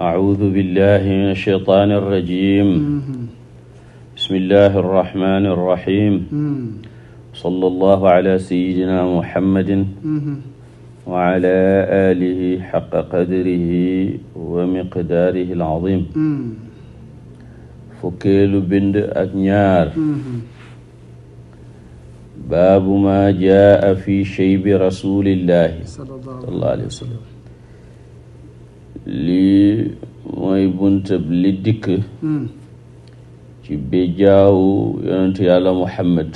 أعوذ بالله من الشيطان الرجيم بسم الله الرحمن الرحيم صلى الله على سيدنا محمد وعلى آله حق قدره ومقداره العظيم fukkeelu bind ak ñaar baabu ma jaa fi shaybi rasulillahi sallallahu alayhi wa sallam lii mooy buntab li dikk hmm. ci bijaawu yonentu yàlla muhammad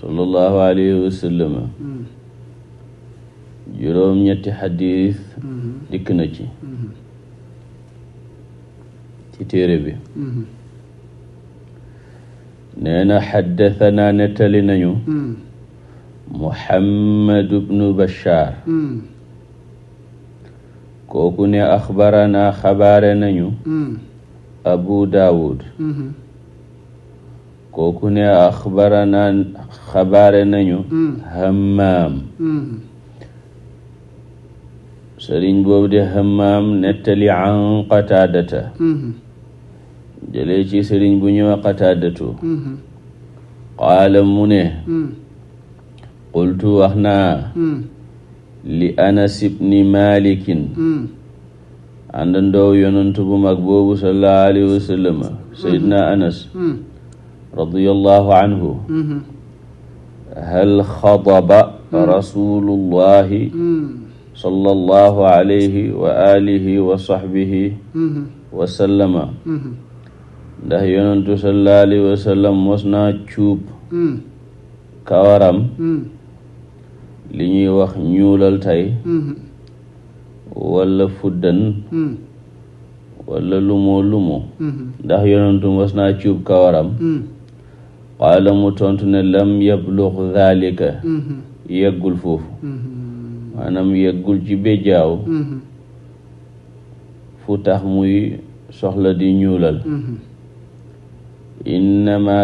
sallallahu alayhi wa sallam hmm. ñetti xadis hmm. dikk na ci ci téere bi nee na xaddathana nettali nañu muhammad ibnu bashar kooku ne na xabaare nañu abu daawud kooku ne axbarana xabaare nañu mm. mm-hmm. mm. hammaam mm-hmm. sëriñ boobu de hammaam nettali an qataadata mm-hmm. jëlee ci sëriñ bu ñëw qataadatu qaala mu ne mm. qultu wax li anas ibni malikin hmm. àndandoow yonantu bu mag boobu sallallahu alayhi wa sallam sayidna hmm. anas hmm. radiallahu anhu hal xadaba rasulullahi sallallahu alayhi wa alihi wa sahbihi wa sallama ndax yonantu sallallahu alayhi wa sallam mos naa cuub kawaram li ñuy wax ñuulal tey mm-hmm. wala fuddan mm-hmm. wala lumoo lumoo mm-hmm. ndax yonentu mas naa cuub kawaram qaala mu tontu ne lam yablug dhalika yeggul foofu maanaam yeggul ci béjjaaw fu tax muy soxla di ñuulal innama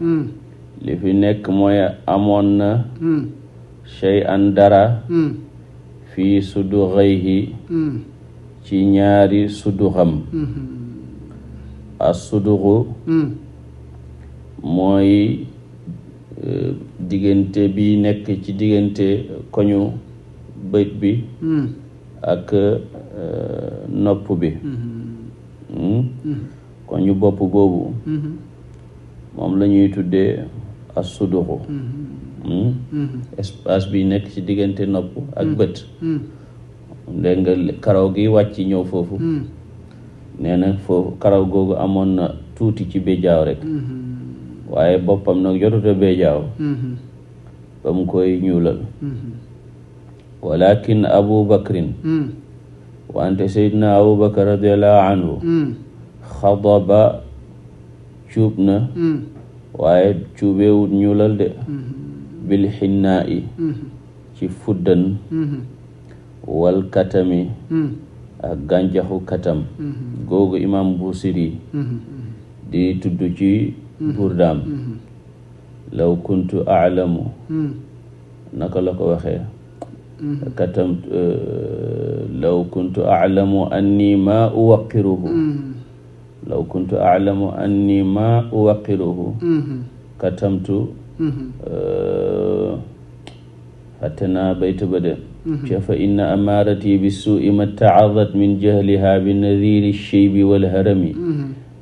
mm. li fi nekk mooy amoon na mm. shay'an dara hmm. fii suduxayhi hmm. ci ñaari suduxam hmm. as suduxu mooy euh, diggante bi nekk ci diggante koñu bët bi ak euh, nopp bi koñu bopp boobu moom la tuddee as suduxu Hmm? Mm-hmm. espace bi nekk ci diggante nopp ak mm-hmm. bët mm-hmm. dégg nga karaw gi wàcc ñëw foofu nee na foofu karaw googu amoon na tuuti ci béjaaw rek waaye boppam nag jotuta béjaaw ba mu koy ñuulal walakin abu bakrin wante seydna abu bakar radiallahu anhu xadaba cuub na waaye cuubeewut ñuulal de bil xinnaa'i mm-hmm. ci fuddan mm-hmm. wal katami mm-hmm. ak gàncaxu katam googu imaam busiri di tudd ci burdaam law kuntu aalamu naka la ko waxee katam euh, law kuntu aalamu anni ma uwaqiruhu law kuntu aalamu anni ma uwaqiruhu katamtu euh, attana bayta ba de ca fa inna amaarati bi suui ma taadat min jahliha bi nadiri sheybi walharami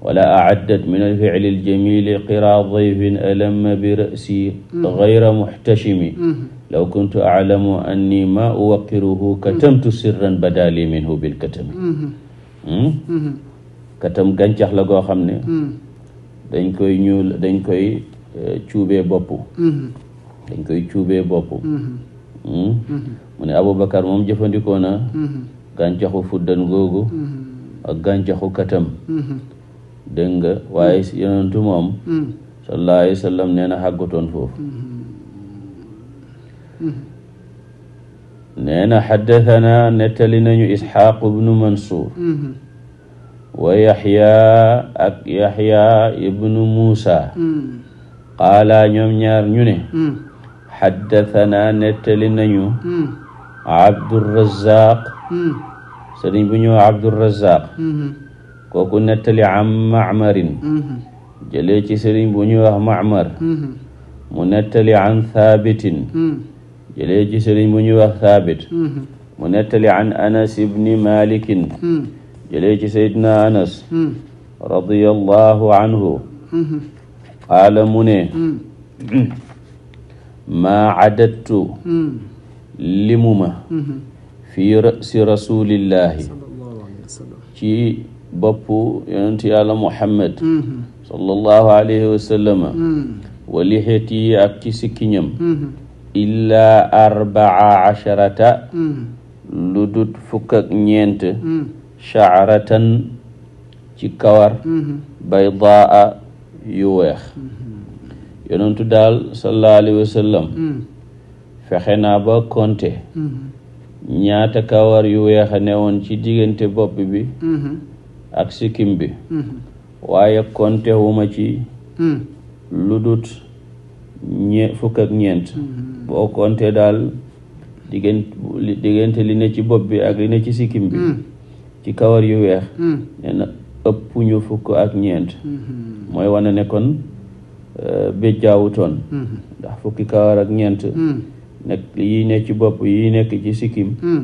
wala acaddat min alficli aljamili qira dayfin alamma bi rasi gayra muxtashimi law kuntu aclamu anni ma uwaqiruhu katamtu sirran badali minhu bilkatami katam gàncax la goo xam ne dañ koy ñuul dañ koy cuubee bopp dañ koy cuubee bopp hmm? mm-hmm. mu ne Aboubacar moom jëfandikoo na mm-hmm. gàncaxu fuddan googu mm-hmm. ak gàncaxu katam dégg nga waaye yonentu moom sallallahu alayhi wa sallam nee foofu nee na xaddathana nettali nañu isxaaq ibnu mansuur wa yaxya ak ibnu muusa qaala ñoom ñaar ñu xaddatanaa nettali nañu abdurazaq sëriñ bu ñëw abdurazaq kooku nettali am macmarin jëlee ci sëriñ bu ñuy wax macmar mu nettali an thaabitin jëlee ci sëriñ bu ñuy wax thaabit mu nettali an anas ibni malikin jëlee ci sayidna anas radiyallahu anhu qaala mu ne maa cadadtu hmm. limuma hmm. fi rasi rasulillahi ci boppu yonentu yàlla muhammad hmm. sallallahu alayhi wa sallama wa lixeti ak ci sikkiñam illaa arbaa asharata lu dut fukk ak ñeent shacaratan ci kawar baydaa yu weex yonentu daal sallallahu alayhi wa mm. fexe naa ba konte mm-hmm. ñaata kawar yu weex a newoon ci diggante bopp bi mm-hmm. ak sikkim bi mm-hmm. waaye konte ci mm. lu dut ñe fukk ak ñeent boo konte daal diggante li ne ci bopp bi ak li ne ci sikkim bi mm. ci kawar yu weex nee na ëpp ñu fukk ak ñeent mooy wane ne kon Eh, béjjaawutoon mm-hmm. ndax fukki kawar ak ñeent mm. nekk yi ne ci bopp yi nekk ci sikkim mm.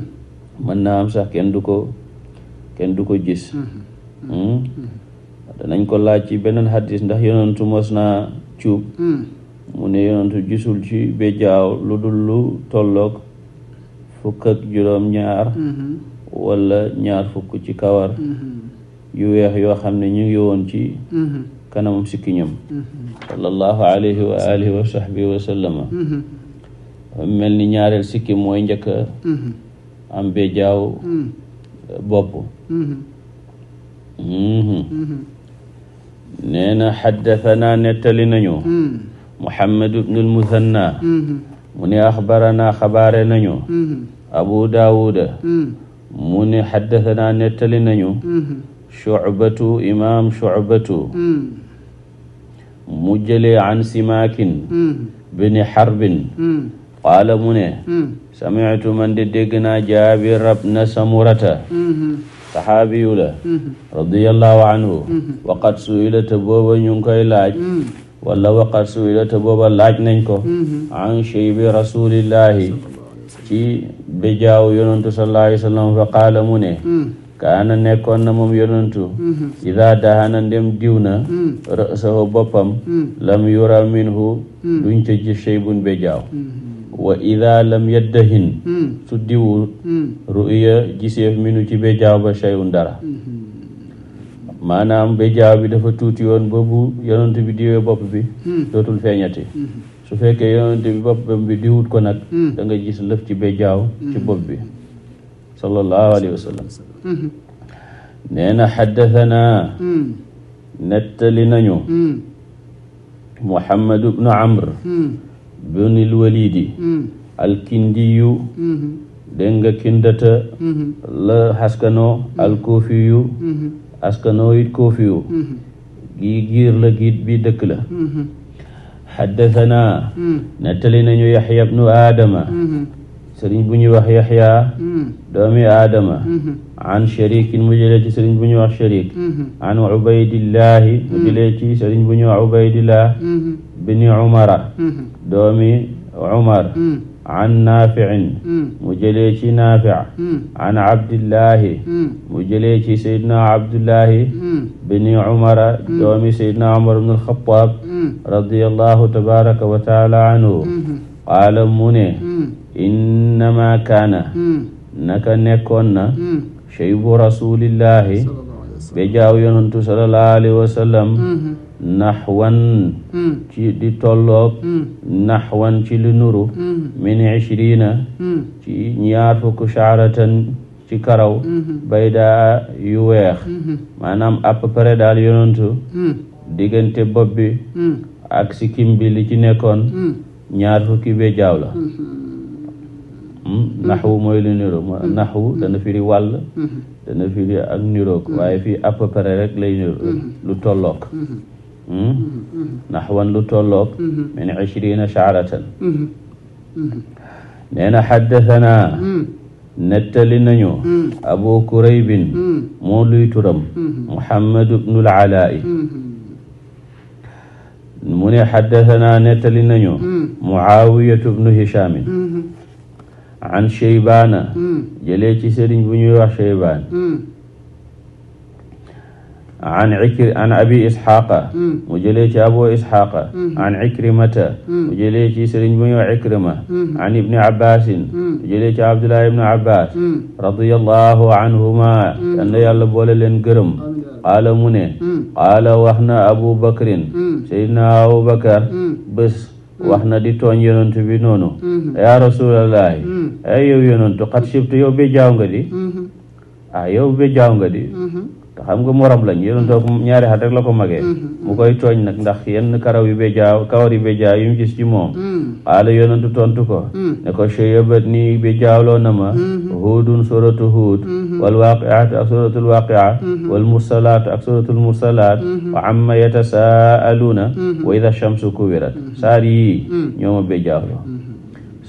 mën naa am sax kenn du ko kenn du ko gis mm-hmm. Mm-hmm. Hmm? danañ ko laaj ci beneen hadis ndax yonentu mos naa cuub mm. mu ne yonentu gisul ci béjjaaw lu dul lu tollook fukk ak juróom-ñaar wala ñaar fukk ci kawar yu weex yoo xam ne ñu ngi woon ci kanamam sikkiñam mhm. sallallahu alayhi wa alihi wa sahbihi wa sallama mhm. mel ni ñaareel sikki mooy njëkk mhm. am bee jaaw bopp nee na xaddatanaa nettali nañu muhammad ibnul musanna mu ne axbaranaa xabaare nañu abu daawuda mu ne xaddatanaa nettali nañu shucbatu imaam shucbatu hmm. mu jëlee an simaakin hmm. bini xarbin hmm. qaala mu ne samictu man de dégg naa jaabir ibn samurata saxaabiyu la radiallahu anhu waqad suila te booba ñu ngi koy laaj wala waqad suila te booba laaj nañ ko an sheybi rasulillahi ci bejaaw yonantu sallallahu alayhi wa sallam fa qaala mu ne na nekkoon na moom yonantu mm-hmm. ida dahana ndem diw na mm-hmm. rësahu boppam mm-hmm. lam yura minhu duñ ca gis cheybun be jaaw wa ida lam yaddahin su diwul ruya giseef minu ci be jaaw ba cheyun dara maanaam be jaaw bi dafa tuuti woon ba bu yonantu bi diwee bopp bi dootul feeñati su fekkee yonantu bi boppam bi diwut ko nag mm. danga gis lëf ci be jaaw ci bopp bi sallallahu alayhi wa sallam mm-hmm. nee na xaddatanaa mm. nettali nañu mm. muhammad bnu amr mm. bunil walidi alkindiyu mm-hmm. dégg nga kindata mm-hmm. la askano alkoofiyu askano it koofiyu gii giir la giit bi dëkk la xaddatanaa nettali nañu yaxya bnu aadama sëriñ bu ñuy wax yaxya hmm. doomi aadama hmm. an sharikin mu jëlee ci sëriñ bu ñuy wax sharik hmm. an ubaydillahi mu jëlee ci sëriñ bu ñuy wax ubaydillah bini umara doomi umar an naafiin mu jëlee ci naafic an abdillahi mu jëlee ci saydna abdullahi bini umara doomi saydna umar ibn alxataab radiallahu tabaraka wa taala anhu qaala mu ne innama kaana naka nekkoon na shaybu rasulillahi be jaaw yonantu sallallahu alayhi wa sallam naxwan ci lu tolloog naxwan ci li nuru min ishrina ci ñaar shaaratan ci karaw bayda yu weex maanaam à peu près daal yonantu diggante bopp bi ak sikkim bi li ci nekkoon ñaar be jaaw Hmm? Hmm. naxwu mooy lu niroo hmm. naxwu dana firi wàll dana firi ak niroog waaye fii à peu près rek lay niroo lu tolloog naxwan lu tolloog min ishrina shaaratan nee na xaddasanaa nettali nañu abu kuraybin moo luy turam muhammadu bnul alaa'i mu ne xaddasanaa nettali nañu muaawiyatu bnu hishaamin an sheybaana hmm. jëlee ci sëriñ bu ñuy wax sheybaan hmm. an ikri an abi isxaaqa hmm. mu jëlee ci abu isxaaqa an ikrimata mu jëlee ci sëriñ bu ñuy wax ikrima an ibni abbasin mu jëlee ci abdullah ibni abbas radiyallahu anhuma yal na yàlla boole leen gërëm qaala mu ne qaala wax na abu bakrin seydina abu bakar bés wax na di tooñ yonent bi noonu yaa rasulallahi ay eh, yow yonantu xat sibtu yow ba jaaw nga di mm-hmm. ah, yow ba jaaw nga di mm-hmm. xam nga morom lañ yonantoo ñaari xat rek la ko magee mm-hmm. mu koy tooñ nag ndax yenn karaw yu be jaaw kawar yu be jaaw yu mu gis ci moom xaala mm. ah, yonantu tontu ko mm. ni ko shayyabat nii be jaawloo na ma huudun suratu huud wal ak suratul waaqia wa amma yatasaaluuna wa ida shamsu kuwirat saar yii mm. ñooma be jaawloo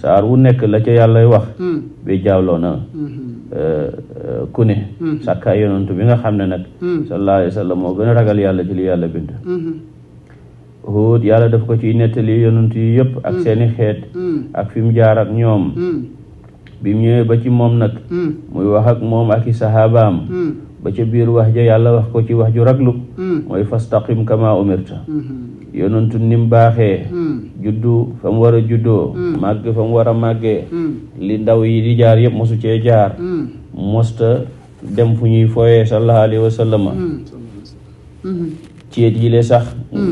saar bu nekk la ca yàllay wax hmm. bi jaawloo na hmm. euh, ku ne hmm. sàkkaa yonantu bi nga xam ne nag sallallahu alayhi wa sallam moo gën a ragal yàlla ci li yàlla bind Huud yàlla def ko ci nettali yonantu yi yëpp ak seeni xeet ak fi mu jaar ñoom bi mu ñëwee ba ci moom nag hmm. muy wax ak moom ak i saxaabaam hmm. ba ca biir wax ja yàlla wax ko ci wax ju raglu hmm. mooy fastaqim kama umirta yonantu ni baaxee juddu fa mu war a juddoo màgg fa mu war a màggee li ndaw yi di jaar yépp mosu cee jaar mosta dem fu ñuy fooyee sallallahu alayhi ceet mm. yi le sax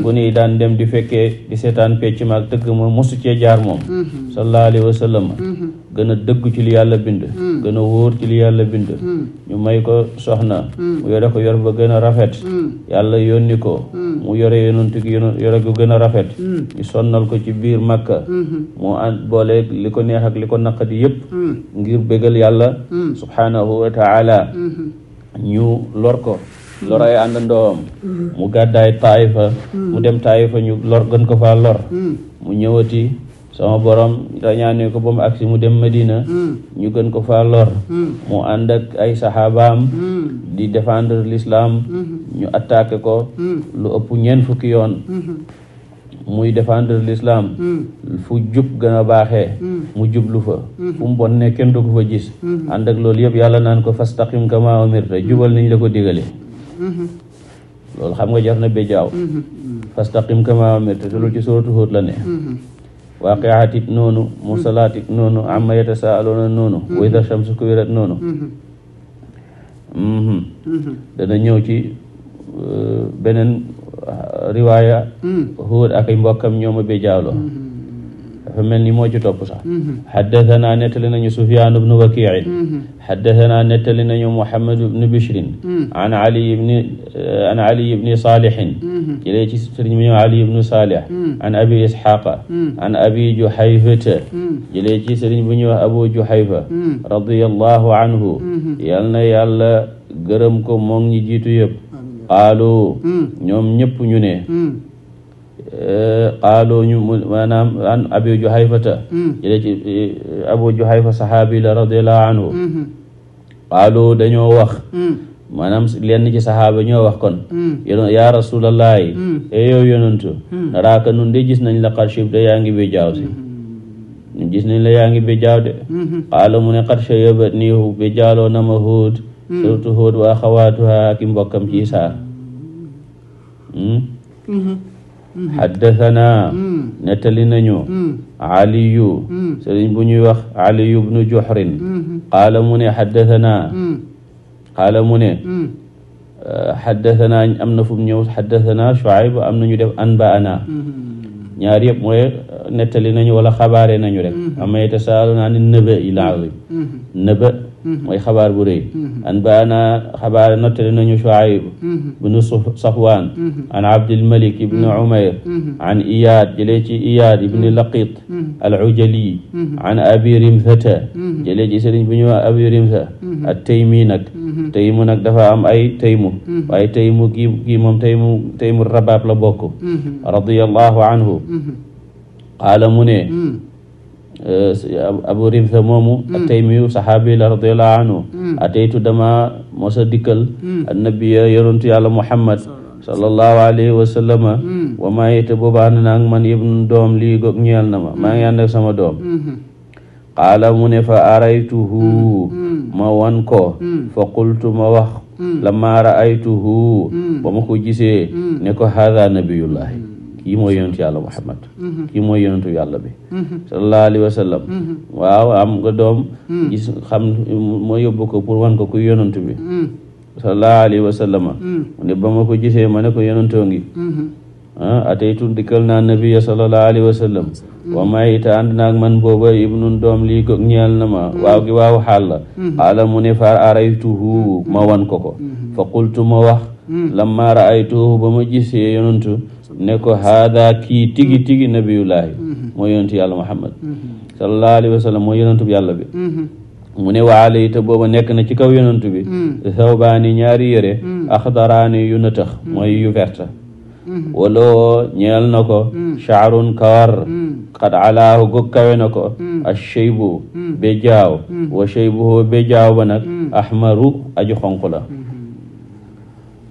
bu ni daan dem di fekkee di seetaan pecc ma ak tëgg ma mosu cee jaar moom mm-hmm. sallallahu alayhi wa sallam mm-hmm. gën a dëgg ci li yàlla bind mm. gën a wóor ci li yàlla bind mm. ñu may ko soxna mu yore ko yor ba gën a rafet yàlla yónni ko mu yore yonantu gi yore ko gën a rafet ñu sonnal ko ci biir màkka mm-hmm. mu ànd boole li ko neex ak li ko naqadi yëpp ngir bégal yàlla subhanahu wa ñu lor ko loray àndandoom mu gàddaay taayifa mu dem fa ñu lor gën ko faa lor mu ñëwati sama borom rañaane ko ba mu agsi mu dem Medina ñu gën ko faa lor mu ànd ak ay saxaabaam di défendre lislaam ñu attaqué ko lu ëpp ñeent fukki yoon muy défendre l'islam fu jub gën a baaxee mu jublu fa fu mu bon ne kenn du ko fa gis ànd ak loolu yëpp yàlla naan ko fastaqim kama umirta jubal nañu la ko digale loolu xam nga jar na béjaaw mm-hmm. fastaqim kama amirta te loolu ci suratu Hud la ne mm-hmm. waaqiatit noonu mursalatit noonu amma yatasaaluuna noonu mm-hmm. wa idha shamsu kuwirat noonu dana ñëw ci euh, beneen riwaaya Hud ak ay mbokkam ñooma béjaawloo dafa mel ni moo ci topp sax xaddatanaa mm-hmm. nettali nañu sufyaan ibnu wakiin xaddatanaa mm-hmm. nettali nañu muhammad ibnu bishrin mm-hmm. an ali ibni an ali ibni saalihin jëlee ci sëriñ bi ñëw ali ibnu saalih an abi isxaqa an abi juhayfata jëlee ci sëriñ bu ñëw abu juhayfa radiallahu anhu yal na yàlla gërëm ko moom ñi jiitu yëpp qaalu ñoom ñëpp ñu ne qaaloo ñu maanaam an abi juhayfata jëlee ci abu juhayfa saxaabi la radiallahu anhu qaaloo dañoo wax maanaam lenn ci saxaaba ñoo wax kon ya yaa rasulallaahi e yow yonantu nun de gis nañ la xar chib yaa ngi bi jaaw si nun gis nañ la yaa ngi bi jaaw de qaala mu ne xat chayobat bi jaaloo na ma huud surtout huud wa axawaatuha ak mbokkam ci saar xaddatanaa mm-hmm. mm. nettali nañu mm. aliyu mm. sëriñ bu ñuy wax aliyu bnu juxrin mm-hmm. qaala mu ne xaddatanaa qaala mu ne xaddatanaa uh, am na fu mu ñëw xaddatanaa shuayb am na ñu def anbaana mm-hmm. ñaar yëpp mooy nettali nañu wala xabaare nañu rek mm-hmm. amma yatasaaluna ani nëbë il azim mm-hmm. nëbë mm-hmm. mooy xabaar bu rëy an baana xabaare nettali nañu Shuayb ibnu Safwaan an Abdil Malik ibnu Umayr an Iyaad jëlee ci Iyaad ibnu Laqit al Ujali an Abi Rimthata jëlee ci sëriñ bu ñuy Abi Rimtha at Taymi nag Taymu nag dafa am ay Taymu waaye Taymu kii kii moom Taymu Taymu Rabaab la bokk radiyallahu anhu qaala mu ne abu rimsa moomu ataymiyu saxaabi la radiallahu anhu ataytu dama mosa dikkal annabiya yorontu yàlla muhammad sallallahu alayhi wa sallama wa maa yete booba ànd naag man ibnu doom lii gog ñeel na ma maa ngi ànd ak sama doom qaala mu ne fa araytuhu ma wan ko fa qultu ma wax lamma raaytuhu ba ma ko gisee ne ko haada nabiyullahi kii mooy yonentu yàlla muhammad mhm. kii mooy yonentu yàlla bi mhm. sallallahu alayhi wa sallam mhm. am nga doom gis xam ma yóbbu ko pour wan ko kuy yonentu bi sallallahu alayhi wa ne ba ma ko gisee ma ne ko yonentoo ngi ah, ataytu dikkal naa nabiya sallallahu alayhi wa sallam wa may ita ànd naag man booba ibnun doom lii ko ñeel na ma waaw gi waaw xaal la xaala araytuhu ma wan ko ko fa qultu ma Hmm. lamma raaytuhu ba ma gisee yonantu ne ko haada kii tigi tigi nabiyullaahi hmm. Hmm. mooy yonantu yàlla muhammad sallallahu alayhi wa sallam mooy bi yàlla bi mu ne waale yi te nekk na ci kaw yonantu bi sawbaani ñaari yére axdaraani yu nëtëx mooy yu verte waloo ñeel na ko chaarun kawar xad alaahu gog kawe na ko a cheybu be jaaw wa cheybuhu be jaaw ba ahmaru aju xonq la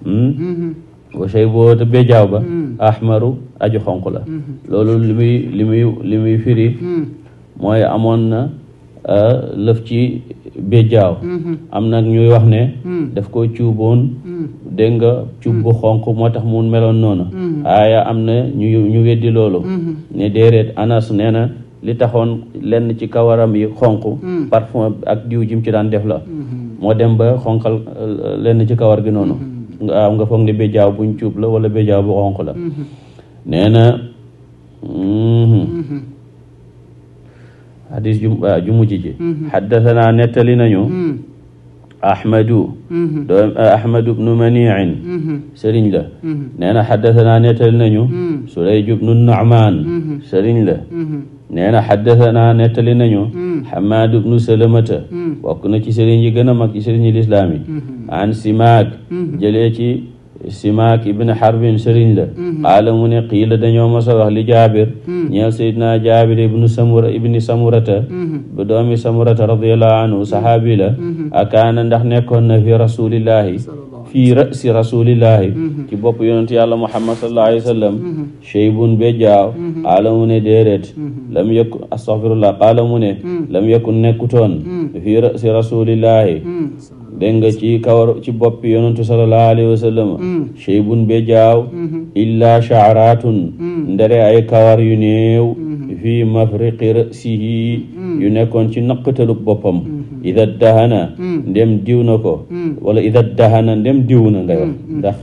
wa hmm? boo te béjaaw ba hmm. ahmaru aju xonq la hmm. loolu li muy li muy firi mooy amoon na euh, lëf ci béjaaw am nag ñuy wax ne daf ko cuuboon dégg nga cuub bu xonq moo tax mu meloon noonu aaya am na ñu ñu weddi loolu ne déeréet anas nee na li taxoon lenn ci kawaram yi xonq parfum ak diw jim ci daan def la moo dem ba xonqal euh, lenn ci kawar gi noonu nga am nga foog ne béjaaw buñ cuub la wala béjaaw bu xonq la mm-hmm. nee na xadis mm-hmm. mm-hmm. ju waaw ju mujj ji xaddasanaa nettali nañu ahmadu doom eh, ahmadu bnu maniin sëriñ la nee na xaddasanaa nettali nañu surayju bnu naamaan sëriñ la nee na xaddasanaa nettali nañu xamaad ibnu salamata hmm. bokk na ci sëriñ yi gën a mag ci sëriñ yi lislaam yi hmm. an simaak hmm. jëlee ci simaak ibn xarbin sëriñ la qaala mu ne qiila dañoo mos a wax li jaabir ñeel sayidna jaabir ibnu samura ibni samurata ba doomi samurata radiallahu anhu sahaabi la akaana ndax nekkoon na fi rasulillahi fii rasi rasulillahi mm-hmm. ci bopp yonent yàlla muhammad sallallahu alayhi wa sallam cheybun mm-hmm. be jaaw mm-hmm. qaala mu ne déedéet lam yakun astaghfirullah qaala mu ne mm. lam yakun nekkutoon mm. fii rasi rasulillahi mm. dégg nga ci kawar ci bopp yonentu sallallahu alayhi wa sallam cheybun be jaaw illaa sha'ratun ndere ay kawar yu néew fii mafriqi rasihi yu nekkoon ci naqtalu boppam Mm. ida mm. mm. dahana ndem diw na ko wala ida dahana ndem diw na nga wax ndax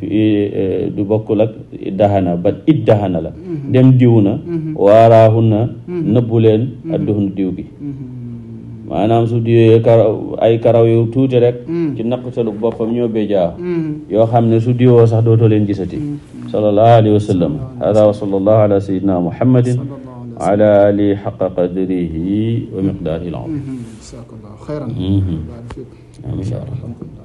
eh, eh, du bokkul ak dahana ba it dahana la mm-hmm. ndem diw na mm-hmm. waaraahu na mm-hmm. nëbbu leen adduhun diw gi maanaam su diwee karaw ay karaw yu tuuti rek ci naqtalu boppam ñoo béjaa yoo xam ne su diwoo sax dootoo leen gisati sallallahu alayhi wa sallam hada wa sallallahu ala sayyidina muhammadin وعلى آله حق قدره ومقداره العظيم xayran. waaw mhm. incha allah.